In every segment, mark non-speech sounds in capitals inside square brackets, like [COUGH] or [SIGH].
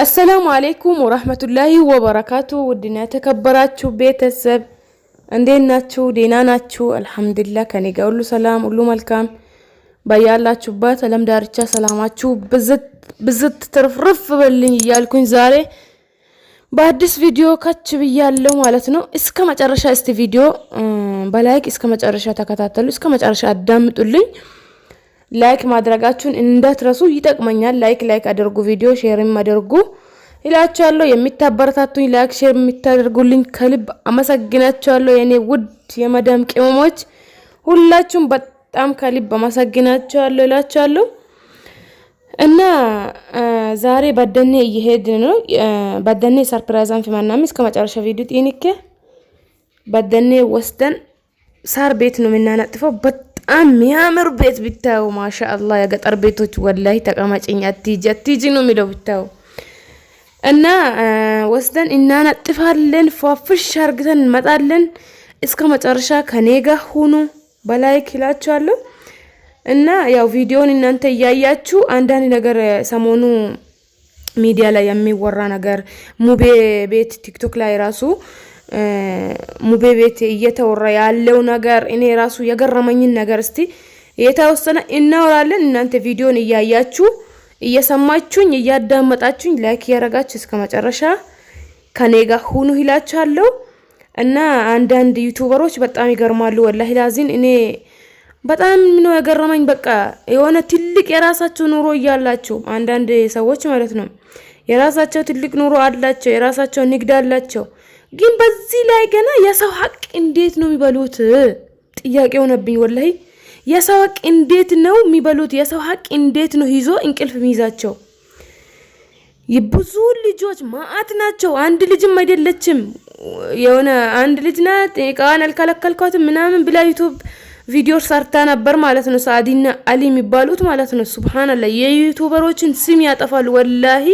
አሰላሙ አሌይኩም ወረህመቱላሂ ወበረካቱ። ውድና የተከበራችሁ ቤተሰብ እንዴት ናችሁ? ዴና ናችሁ? አልሐምዱሊላህ ከኔ ጋር ሁሉ ሰላም፣ ሁሉ መልካም። በያላችሁበት አለም ዳርቻ ሰላማችሁ ብዝት ትርፍርፍ በልኝ እያልኩኝ ዛሬ በአዲስ ቪዲዮ ከች ብያለሁ ማለት ነው። እስከ መጨረሻ እስቲ ቪዲዮ በላይክ እስከ መጨረሻ ተከታተሉ፣ እስከ መጨረሻ አዳምጡልኝ። ላይክ ማድረጋችሁን እንዳትረሱ። ይጠቅመኛል። ላይክ ላይክ አድርጉ፣ ቪዲዮ ሼርም አድርጉ ይላችኋለሁ። የሚታበረታቱኝ ላይክ ሼር የሚታደርጉልኝ ከልብ አመሰግናችኋለሁ። የኔ ውድ የመዳም ቅመሞች ሁላችሁም በጣም ከልብ አመሰግናችኋለሁ ይላችኋለሁ። እና ዛሬ በደኔ እየሄድ ነው። በደኔ ሰርፕራይዛን ፊማናሚ እስከ መጨረሻ ቪዲዮ ጤንኬ በደኔ ወስደን ሳር ቤት ነው የምናነጥፈው። የሚያምር ቤት ብታዩ ማሻአላ የገጠር ቤቶች ወላይ ተቀመጭኝ አትሂጂ አትሂጂ ነው የሚለው ብታዩ እና ወስደን እናነጥፋለን። ፏፍሽ አርግተን እንመጣለን። እስከ መጨረሻ ከኔ ጋር ሁኑ በላይክ ይላችኋለሁ። እና ያው ቪዲዮን እናንተ እያያችሁ አንዳንድ ነገር ሰሞኑ ሚዲያ ላይ የሚወራ ነገር ሙቤ ቤት ቲክቶክ ላይ ራሱ ሙቤ ቤት እየተወራ ያለው ነገር እኔ ራሱ የገረመኝን ነገር እስቲ የተወሰነ እናወራለን። እናንተ ቪዲዮን እያያችሁ እየሰማችሁኝ እያዳመጣችሁኝ ላይክ እያረጋችሁ እስከ መጨረሻ ከኔ ጋር ሁኑ ይላችኋለሁ። እና አንዳንድ ዩቱበሮች በጣም ይገርማሉ። ወላሂ ላዚን እኔ በጣም ነው የገረመኝ። በቃ የሆነ ትልቅ የራሳቸው ኑሮ እያላቸው አንዳንድ ሰዎች ማለት ነው የራሳቸው ትልቅ ኑሮ አላቸው፣ የራሳቸው ንግድ አላቸው ግን በዚህ ላይ ገና የሰው ሀቅ እንዴት ነው የሚበሉት? ጥያቄ ሆነብኝ ወላይ የሰው ሀቅ እንዴት ነው የሚበሉት? የሰው ሀቅ እንዴት ነው ይዞ እንቅልፍ የሚይዛቸው? ብዙ ልጆች ማአት ናቸው። አንድ ልጅም አይደለችም። የሆነ አንድ ልጅ ናት እቃዋን አልከለከልኳትም ምናምን ብላ ዩቱብ ቪዲዮ ሰርታ ነበር ማለት ነው። ሳዲና አሊ የሚባሉት ማለት ነው። ሱብሃናላ የዩቱበሮችን ስም ያጠፋሉ ወላሂ።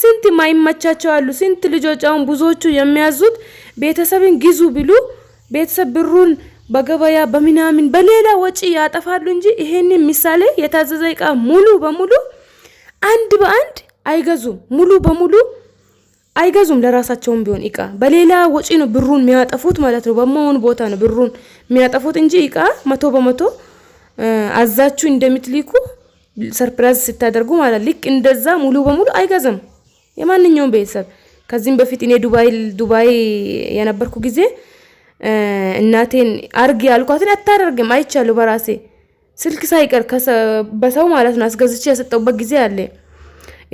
ስንት ማይመቻቸው አሉ። ስንት ልጆች አሁን ብዙዎቹ የሚያዙት ቤተሰብን ግዙ ብሉ ቤተሰብ ብሩን በገበያ በምናምን በሌላ ወጪ ያጠፋሉ እንጂ ይሄን ምሳሌ የታዘዘ እቃ ሙሉ በሙሉ አንድ በአንድ አይገዙም። ሙሉ በሙሉ አይገዙም። ለራሳቸውም ቢሆን እቃ በሌላ ወጪ ነው ብሩን የሚያጠፉት ማለት ነው። በመሆኑ ቦታ ነው ብሩን የሚያጠፉት እንጂ እቃ መቶ በመቶ አዛችሁ እንደምትልኩ ሰርፕራይዝ ስታደርጉ ማለት ልክ እንደዛ ሙሉ በሙሉ አይገዝም። የማንኛውም ቤተሰብ ከዚህም በፊት እኔ ዱባይ ዱባይ የነበርኩ ጊዜ እናቴን አርግ ያልኳትን አታደርግም አይቻለሁ። በራሴ ስልክ ሳይቀር በሰው ማለት ነው አስገዝቼ የሰጠውበት ጊዜ አለ።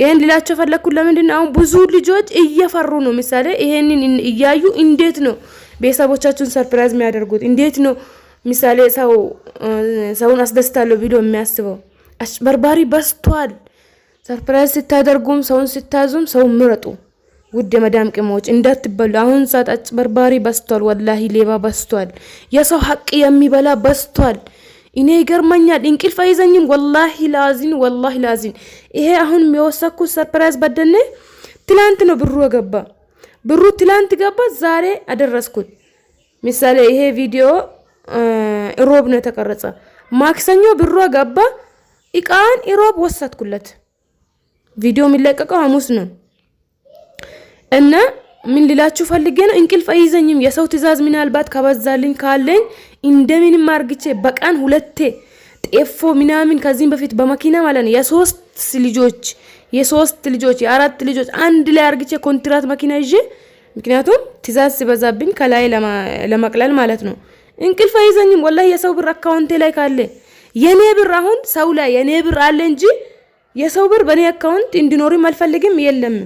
ይህን ሌላቸው ፈለግኩ። ለምንድን ነው አሁን ብዙ ልጆች እየፈሩ ነው? ምሳሌ ይሄንን እያዩ እንዴት ነው ቤተሰቦቻችሁን ሰርፕራይዝ የሚያደርጉት? እንዴት ነው ምሳሌ ሰው ሰውን አስደስታለሁ ብሎ የሚያስበው? አጭበርባሪ በስቷል? ሰርፕራይዝ ስታደርጉም ሰውን ስታዙም ሰው ምረጡ። ውድ የመዳም ቅሞች እንዳትበሉ። አሁን ሰዓት አጭበርባሪ በስቷል። ወላሂ ሌባ በስቷል። የሰው ሀቅ የሚበላ በስቷል። እኔ ይገርመኛል። እንቅልፍ አይዘኝም። ወላሂ ላዚን ወላሂ ላዚን። ይሄ አሁን የወሰኩት ሰርፕራይዝ በደነ ትላንት ነው ብሩ ገባ። ብሩ ትላንት ገባ፣ ዛሬ አደረስኩት። ምሳሌ ይሄ ቪዲዮ ሮብ ነው የተቀረጸ። ማክሰኞ ብሩ ገባ፣ እቃን ሮብ ወሰድኩለት። ቪዲዮ የሚለቀቀው ሐሙስ ነው እና ምን ልላችሁ ፈልጌ ነው፣ እንቅልፍ አይዘኝም። የሰው ትእዛዝ ምናልባት ከበዛልኝ ካለኝ እንደምንም አርግቼ በቀን ሁለቴ ጤፎ ምናምን ከዚህም በፊት በመኪና ማለት ነው የሶስት ልጆች የሶስት ልጆች የአራት ልጆች አንድ ላይ አርግቼ ኮንትራት መኪና ይዤ ምክንያቱም ትእዛዝ ሲበዛብኝ ከላይ ለመቅለል ማለት ነው። እንቅልፍ አይዘኝም ወላሂ የሰው ብር አካውንቴ ላይ ካለ የኔ ብር አሁን ሰው ላይ የኔ ብር አለ እንጂ የሰው ብር በእኔ አካውንት እንዲኖርም አልፈልግም። የለም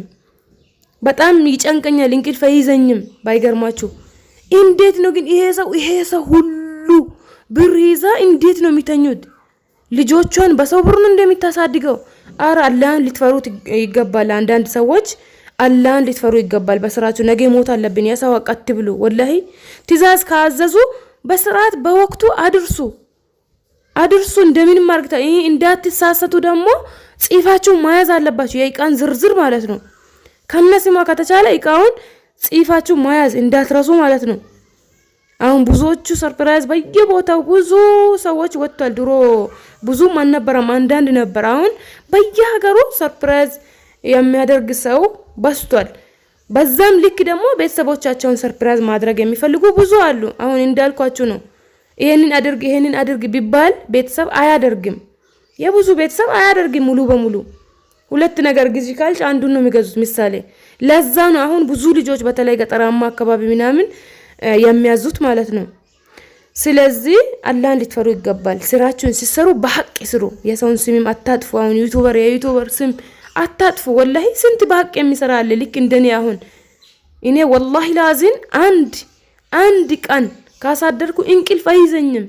በጣም ይጨንቀኛል፣ እንቅልፍ አይይዘኝም። ባይገርማችሁ እንዴት ነው ግን ይሄ ሰው ይሄ ሰው ሁሉ ብር ይዛ እንዴት ነው የሚተኙት? ልጆቿን በሰው ብር ነው እንደሚታሳድገው። አረ አላህን ልትፈሩት ይገባል። አንዳንድ ሰዎች አላህን ልትፈሩ ይገባል። በስራችሁ ነገ ሞት አለብን የሰው አቀት ብሉ። ወላሂ ትእዛዝ ካዘዙ በስርዓት በወቅቱ አድርሱ አድርሱ። እንደምንም አርግታ ይሄ እንዳትሳሰቱ ደግሞ ጽፋችሁ መያዝ አለባችሁ። የእቃን ዝርዝር ማለት ነው። ከነስማ ከተቻለ እቃውን ጽፋችሁ መያዝ እንዳትረሱ ማለት ነው። አሁን ብዙዎቹ ሰርፕራይዝ በየቦታው ብዙ ሰዎች ወጥቷል። ድሮ ብዙም አልነበረም፣ አንዳንድ ነበር። አሁን በየሀገሩ ሰርፕራይዝ የሚያደርግ ሰው በስቷል። በዛም ልክ ደግሞ ቤተሰቦቻቸውን ሰርፕራይዝ ማድረግ የሚፈልጉ ብዙ አሉ። አሁን እንዳልኳችሁ ነው። ይሄንን አድርግ ይሄንን አድርግ ቢባል ቤተሰብ አያደርግም። የብዙ ቤተሰብ አያደርግም ሙሉ በሙሉ ሁለት ነገር ግዢ ካልሽ አንዱን ነው የሚገዙት። ምሳሌ ለዛ ነው አሁን ብዙ ልጆች በተለይ ገጠራማ አካባቢ ምናምን የሚያዙት ማለት ነው። ስለዚህ አላህ እንድትፈሩ ይገባል። ስራችሁን ሲሰሩ በሀቅ ስሩ። የሰውን ስምም አታጥፉ። አሁን ዩቱበር የዩቱበር ስም አታጥፉ። ወላሂ ስንት በሀቅ የሚሰራ አለ። ልክ እንደኔ አሁን እኔ ወላሂ ላዚን አንድ አንድ ቀን ካሳደርኩ እንቅልፍ አይዘኝም።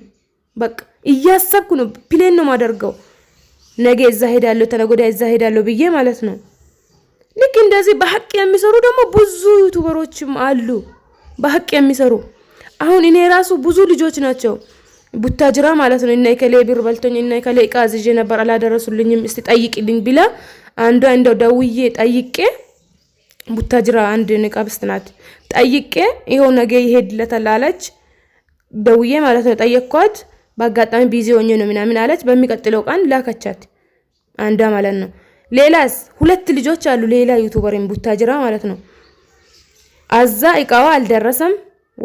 በቃ እያሰብኩ ነው። ፕሌን ነው ማደርገው ነገ እዛ ሄዳለሁ፣ ተነጎዳ እዛ ሄዳለሁ ብዬ ማለት ነው። ልክ እንደዚህ በሀቅ የሚሰሩ ደግሞ ብዙ ዩቱበሮችም አሉ፣ በሀቅ የሚሰሩ አሁን እኔ ራሱ ብዙ ልጆች ናቸው ቡታጅራ ማለት ነው። እና ከሌ ብር በልቶኝ እና ከሌ እቃ ዝዤ ነበር አላደረሱልኝም፣ እስቲ ጠይቅልኝ ብላ አንዷ እንደው ደውዬ ጠይቄ ቡታጅራ አንድ ንቃብስት ናት ጠይቄ ይኸው ነገ ይሄድለታል አለች። ደውዬ ማለት ነው ጠየቅኳት። በአጋጣሚ ቢዚ ሆኜ ነው ምናምን አለች። በሚቀጥለው ቀን ላከቻት አንዷ ማለት ነው። ሌላስ ሁለት ልጆች አሉ። ሌላ ዩቱበርን ቡታጅራ ማለት ነው። አዛ እቃዋ አልደረሰም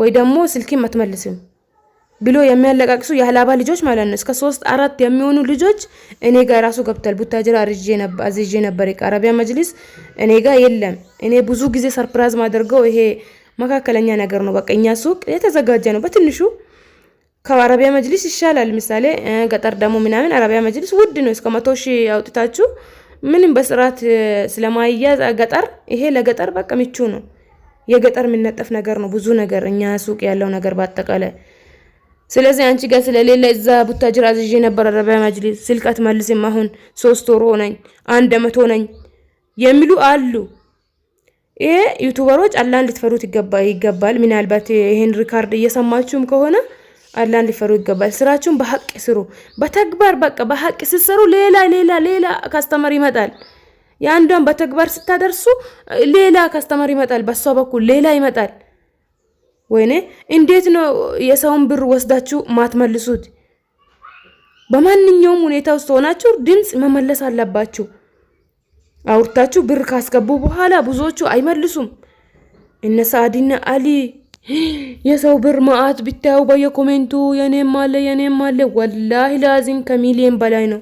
ወይ ደግሞ ስልክም አትመልስም ብሎ የሚያለቃቅሱ የአላባ ልጆች ማለት ነው። እስከ ሶስት አራት የሚሆኑ ልጆች እኔ ጋር ራሱ ገብታል። ቡታጅራ አዝዤ ነበር አረቢያ መጅሊስ እኔ ጋር የለም። እኔ ብዙ ጊዜ ሰርፕራይዝ ማደርገው ይሄ መካከለኛ ነገር ነው። በቃ እኛ ሱቅ የተዘጋጀ ነው በትንሹ ከአረቢያ መጅሊስ ይሻላል። ምሳሌ ገጠር ደግሞ ምናምን አረቢያ መጅሊስ ውድ ነው። እስከ መቶ ሺህ አውጥታችሁ ምንም በስርዓት ስለማያዝ ገጠር ይሄ ለገጠር በቃ ምቹ ነው። የገጠር የሚነጠፍ ነገር ነው ብዙ ነገር እኛ ሱቅ ያለው ነገር በአጠቃላይ። ስለዚህ አንቺ ጋር ስለሌለ እዛ ቡታጅራ አዝዤ ነበር አረቢያ መጅሊስ። ስልክ አትመልስም። አሁን ሶስት ወር ሆነኝ አንድ መቶ ነኝ የሚሉ አሉ። ይሄ ዩቱበሮች አላህን ልትፈሩት ይገባል። ምናልባት ይሄን ሪካርድ እየሰማችሁም ከሆነ አላን ሊፈሩ ይገባል። ስራችሁን በሀቅ ስሩ፣ በተግባር በቃ በሀቅ ስትሰሩ ሌላ ሌላ ሌላ ካስተመር ይመጣል። የአንዷን በተግባር ስታደርሱ ሌላ ካስተመር ይመጣል፣ በሷ በኩል ሌላ ይመጣል። ወይኔ እንዴት ነው የሰውን ብር ወስዳችሁ ማትመልሱት? በማንኛውም ሁኔታ ውስጥ ሆናችሁ ድምፅ መመለስ አለባችሁ። አውርታችሁ ብር ካስገቡ በኋላ ብዙዎቹ አይመልሱም። እነ ሳዕድና አሊ የሰው ብር ማአት ብታዩ በየኮሜንቱ የኔም አለ የኔም አለ። ወላሂ ላዚም ከሚሊየን በላይ ነው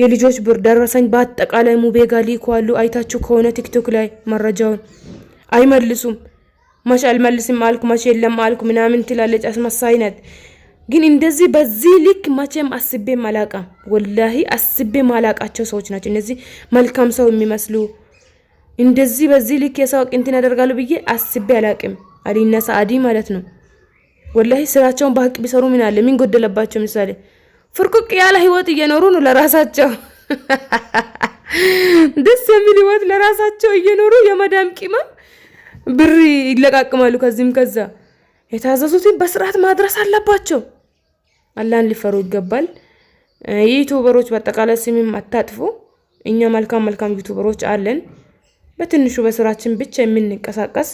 የልጆች ብር ደረሰኝ። በአጠቃላይ ሙቤ ሊኳሉ አይታችሁ ከሆነ ቲክቶክ ላይ መረጃውን አይመልሱም። መቼ አልመልስም አልኩ መቼ የለም አልኩ ምናምን ትላለች አስመሳይነት ግን እንደዚህ በዚህ ልክ መቼም አስቤ አላቃ ወላሂ አስቤ ማላቃቸው ሰዎች ናቸው እነዚህ መልካም ሰው የሚመስሉ እንደዚህ በዚህ ልክ የሰው ቅንትን ያደርጋሉ ብዬ አስቤ አላቅም። አሊና ሰአዲ ማለት ነው። ወላሂ ስራቸውን በሀቅ ቢሰሩ ምን አለ? ምን ጎደለባቸው? ምሳሌ ፍርቁቅ ያለ ህይወት እየኖሩ ነው ለራሳቸው [LAUGHS] ደስ የሚል ህይወት ለራሳቸው እየኖሩ የመዳም ቂማ ብር ይለቃቅማሉ። ከዚህም ከዛ የታዘዙትን በስርዓት ማድረስ አለባቸው። አላህን ሊፈሩ ይገባል። የዩቱበሮች በአጠቃላይ ስምም አታጥፉ። እኛ መልካም መልካም ዩቱበሮች አለን። በትንሹ በስራችን ብቻ የምንንቀሳቀስ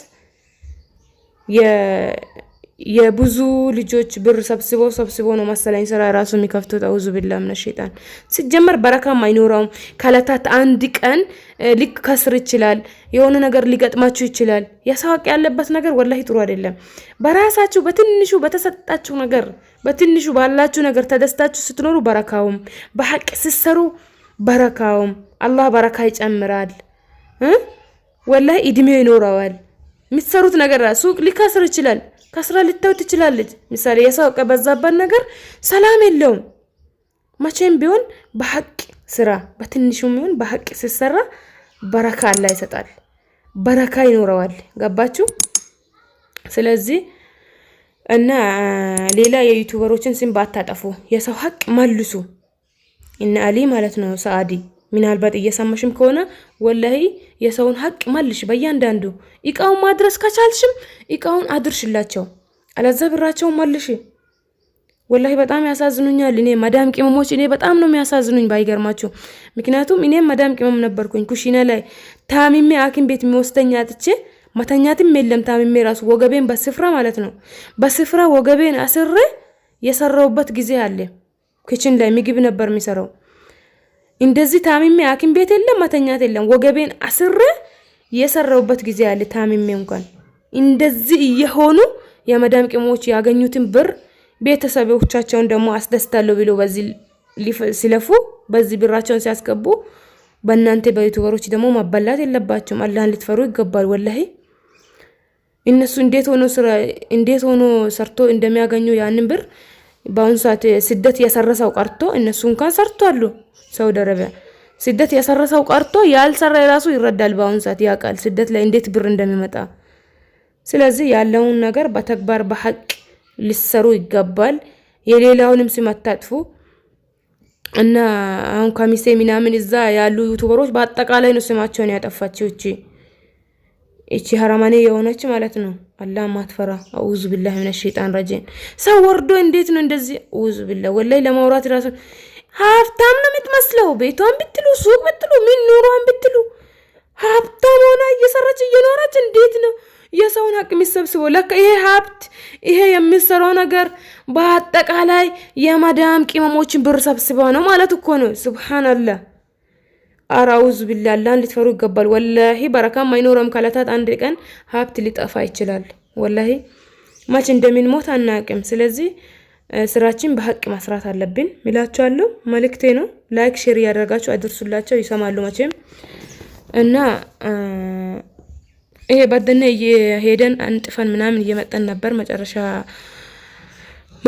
የብዙ ልጆች ብር ሰብስቦ ሰብስቦ ነው መሰለኝ ስራ ራሱ የሚከፍቱ አውዙ ብላ ምነ ሸይጣን። ሲጀመር በረካም አይኖረውም ከለታት አንድ ቀን ሊከስር ይችላል። የሆነ ነገር ሊገጥማችሁ ይችላል። ያሳወቅ ያለበት ነገር ወላሂ ጥሩ አይደለም። በራሳችሁ በትንሹ በተሰጣችሁ ነገር በትንሹ ባላችሁ ነገር ተደስታችሁ ስትኖሩ በረካውም፣ በሀቅ ስትሰሩ በረካውም፣ አላህ በረካ ይጨምራል። ወላሂ እድሜ ይኖረዋል። የምትሰሩት ነገር ሱቅ ሊከስር ይችላል። ከስራ ልታውት ትችላለች። ምሳሌ የሰው በዛባት ነገር ሰላም የለውም። መቼም ቢሆን በሀቅ ስራ በትንሹም ቢሆን በሀቅ ሲሰራ በረካ አላ ይሰጣል። በረካ ይኖረዋል። ገባችሁ? ስለዚህ እና ሌላ የዩቱበሮችን ስም ባታጠፉ፣ የሰው ሀቅ መልሱ። እና አሊ ማለት ነው ሰአዲ ምናልባት እየሰማሽም ከሆነ ወላሂ የሰውን ሀቅ መልሽ። በእያንዳንዱ እቃውን ማድረስ ከቻልሽም እቃውን አድርሽላቸው፣ አለዛ ብራቸውን መልሽ። ወላሂ በጣም ያሳዝኑኛል። እኔ መዳም ቅመሞች እኔ በጣም ነው የሚያሳዝኑኝ ባይገርማችሁ። ምክንያቱም እኔም መዳም ቅመም ነበርኩኝ። ኩሽና ላይ ታሚሜ ሐኪም ቤት የሚወስደኝ አጥቼ መተኛትም የለም ታሚሜ ራሱ ወገቤን በስፍራ ማለት ነው በስፍራ ወገቤን አስሬ የሰራውበት ጊዜ አለ። ክችን ላይ ምግብ ነበር የሚሰራው እንደዚህ ታሚሜ ሐኪም ቤት የለም መተኛት የለም። ወገቤን አስሬ የሰራውበት ጊዜ አለ። ታሚሜ እንኳን እንደዚህ እየሆኑ የመዳም ቅሞች ያገኙትን ብር ቤተሰቦቻቸውን ደግሞ አስደስታለሁ ብሎ በዚህ ሲለፉ በዚህ ብራቸውን ሲያስገቡ በእናንተ በዩቱበሮች ደግሞ ማባላት የለባቸውም። አላህን ልትፈሩ ይገባል። ወላሂ እነሱ እንዴት ሆኖ ሰርቶ እንደሚያገኙ ያንን ብር በአሁኑ ሰዓት ስደት ያሰረሰው ቀርቶ እነሱ እንኳን ሰርቷሉ። ሳውዲ አረቢያ ስደት ያሰረሰው ቀርቶ ያልሰራ የራሱ ይረዳል። በአሁኑ ሰዓት ያውቃል ስደት ላይ እንዴት ብር እንደሚመጣ። ስለዚህ ያለውን ነገር በተግባር በሀቅ ሊሰሩ ይገባል። የሌላውንም ስም አታጥፉ እና አሁን ከሚሴ ምናምን እዛ ያሉ ዩቱበሮች በአጠቃላይ ነው ስማቸውን ያጠፋቸው። እቺ እቺ ሀረማኔ የሆነች ማለት ነው። አላህ ማትፈራ አዑዙ ቢላህ ሚነ ሸይጣን ረጂም ሰው ወርዶ እንዴት ነው እንደዚህ? አዑዙ ቢላህ ወላሂ ለማውራት ራሱ ሀብታም ነው የምትመስለው። ቤቷን ብትሉ ሱቅ ብትሉ ምን ኑሯን ብትሉ ሀብታም ሆና እየሰራች እየኖረች እንዴት ነው የሰውን ሀቅ የሚሰብስበው? ለካ ይሄ ሀብት ይሄ የሚሰራው ነገር በአጠቃላይ የመዳም ቅመሞችን ብር ሰብስባ ነው ማለት እኮ ነው። ሱብሃነላህ አራውዝ ቢላላን ልትፈሩ ይገባል። ወላሂ በረካም አይኖረም። ከለታት አንድ ቀን ሀብት ሊጠፋ ይችላል። ወላሂ መች እንደምንሞት አናቅም። ስለዚህ ስራችን በሀቅ መስራት አለብን ሚላችኋለሁ። መልእክቴ ነው። ላይክ ሼር እያደረጋችሁ አድርሱላቸው። ይሰማሉ መቼም እና ይሄ በደነ ሄደን አንጥፈን ምናምን እየመጠን ነበር መጨረሻ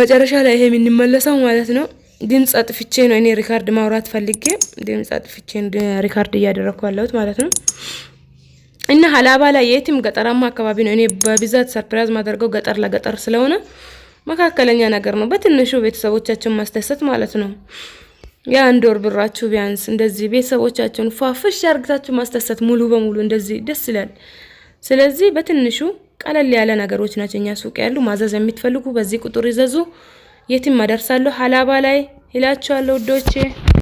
መጨረሻ ላይ ይሄ የምንመለሰው ማለት ነው። ድምፅ አጥፍቼ ነው እኔ ሪካርድ ማውራት ፈልጌ ድምፅ አጥፍቼ ሪካርድ እያደረግኩ ያለሁት ማለት ነው። እና ሀላባ ላይ የትም ገጠራማ አካባቢ ነው እኔ በብዛት ሰርፕራይዝ ማደርገው ገጠር ለገጠር ስለሆነ መካከለኛ ነገር ነው። በትንሹ ቤተሰቦቻችን ማስደሰት ማለት ነው። የአንድ ወር ብራችሁ ቢያንስ እንደዚህ ቤተሰቦቻችሁን ፏፍሽ አርግታችሁ ማስደሰት ሙሉ በሙሉ እንደዚህ ደስ ይላል። ስለዚህ በትንሹ ቀለል ያለ ነገሮች ናቸው እኛ ሱቅ ያሉ። ማዘዝ የሚትፈልጉ በዚህ ቁጥር ይዘዙ። የትም አደርሳለሁ። ሀላባ ላይ ይላችኋለሁ ውዶቼ።